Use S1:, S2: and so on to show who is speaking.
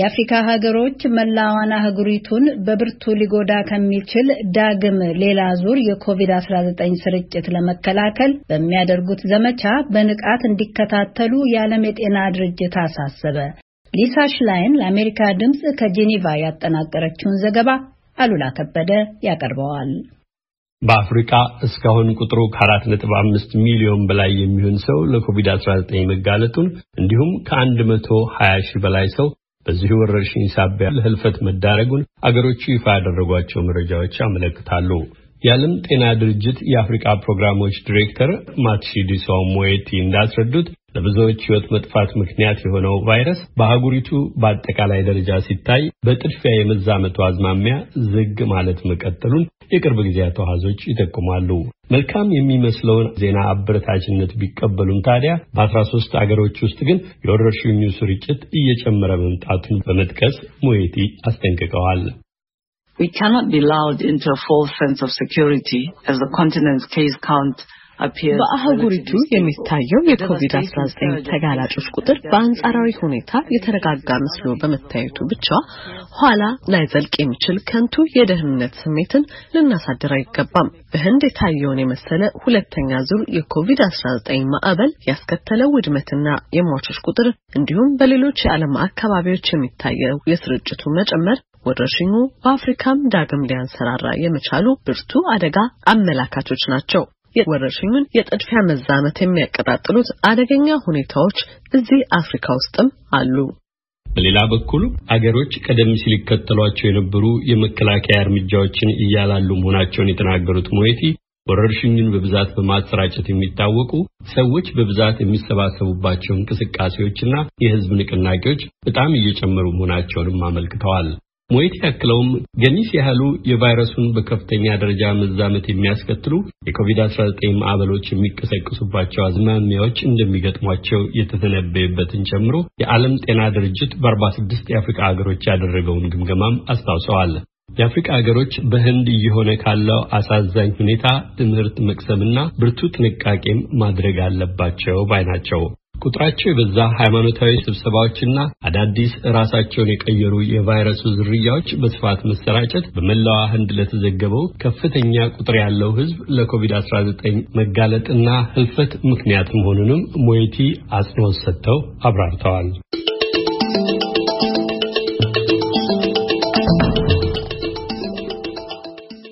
S1: የአፍሪካ ሀገሮች መላዋን አህጉሪቱን በብርቱ ሊጎዳ ከሚችል ዳግም ሌላ ዙር የኮቪድ-19 ስርጭት ለመከላከል በሚያደርጉት ዘመቻ በንቃት እንዲከታተሉ የዓለም የጤና ድርጅት አሳሰበ። ሊሳ ሽላይን ለአሜሪካ ድምፅ ከጄኔቫ ያጠናቀረችውን ዘገባ አሉላ ከበደ ያቀርበዋል።
S2: በአፍሪካ እስካሁን ቁጥሩ ከ4.5 ሚሊዮን በላይ የሚሆን ሰው ለኮቪድ-19 መጋለጡን እንዲሁም ከ120 ሺህ በላይ ሰው በዚህ ወረርሽኝ ሳቢያ ለህልፈት መዳረጉን አገሮቹ ይፋ ያደረጓቸው መረጃዎች ያመለክታሉ። የዓለም ጤና ድርጅት የአፍሪካ ፕሮግራሞች ዲሬክተር ማትሺዲሶ ሞኤቲ እንዳስረዱት ለብዙዎች ሕይወት መጥፋት ምክንያት የሆነው ቫይረስ በአህጉሪቱ በአጠቃላይ ደረጃ ሲታይ በጥድፊያ የመዛመቱ አዝማሚያ ዝግ ማለት መቀጠሉን የቅርብ ጊዜያት ተዋዞች ይጠቁማሉ። መልካም የሚመስለውን ዜና አበረታችነት ቢቀበሉም ታዲያ በ13 አገሮች ውስጥ ግን የወረርሽኙ ስርጭት እየጨመረ መምጣቱን በመጥቀስ ሙዌቲ አስጠንቅቀዋል።
S1: We cannot
S3: be lulled into a false sense of security as the continent's case count በአህጉሪቱ የሚታየው የኮቪድ-19 ተጋላጮች ቁጥር በአንጻራዊ ሁኔታ የተረጋጋ መስሎ በመታየቱ ብቻ ኋላ ላይዘልቅ የሚችል ከንቱ የደህንነት ስሜትን ልናሳድር አይገባም። በህንድ የታየውን የመሰለ ሁለተኛ ዙር የኮቪድ-19 ማዕበል ያስከተለው ውድመትና የሟቾች ቁጥር እንዲሁም በሌሎች የዓለም አካባቢዎች የሚታየው የስርጭቱ መጨመር ወረርሽኙ በአፍሪካም ዳግም ሊያንሰራራ የመቻሉ ብርቱ አደጋ አመላካቾች ናቸው። ወረርሽኙን የጥድፊያ መዛመት የሚያቀጣጥሉት አደገኛ ሁኔታዎች እዚህ አፍሪካ ውስጥም አሉ።
S2: በሌላ በኩል አገሮች ቀደም ሲል ይከተሏቸው የነበሩ የመከላከያ እርምጃዎችን እያላሉ መሆናቸውን የተናገሩት ሞይቲ ወረርሽኙን በብዛት በማሰራጨት የሚታወቁ ሰዎች በብዛት የሚሰባሰቡባቸው እንቅስቃሴዎችና የሕዝብ ንቅናቄዎች በጣም እየጨመሩ መሆናቸውንም አመልክተዋል። ሞየት ያክለውም ገኒስ ያህሉ የቫይረሱን በከፍተኛ ደረጃ መዛመት የሚያስከትሉ የኮቪድ-19 ማዕበሎች የሚቀሰቅሱባቸው አዝማሚያዎች እንደሚገጥሟቸው የተተነበየበትን ጨምሮ የዓለም ጤና ድርጅት በ46 የአፍሪካ ሀገሮች ያደረገውን ግምገማም አስታውሰዋል። የአፍሪካ ሀገሮች በህንድ እየሆነ ካለው አሳዛኝ ሁኔታ ትምህርት መቅሰምና ብርቱ ጥንቃቄም ማድረግ አለባቸው ባይ ናቸው። ቁጥራቸው የበዛ ሃይማኖታዊ ስብሰባዎችና አዳዲስ ራሳቸውን የቀየሩ የቫይረሱ ዝርያዎች በስፋት መሰራጨት በመላዋ ህንድ ለተዘገበው ከፍተኛ ቁጥር ያለው ህዝብ ለኮቪድ-19 መጋለጥና ህልፈት ምክንያት መሆኑንም ሞይቲ አጽንኦት ሰጥተው አብራርተዋል።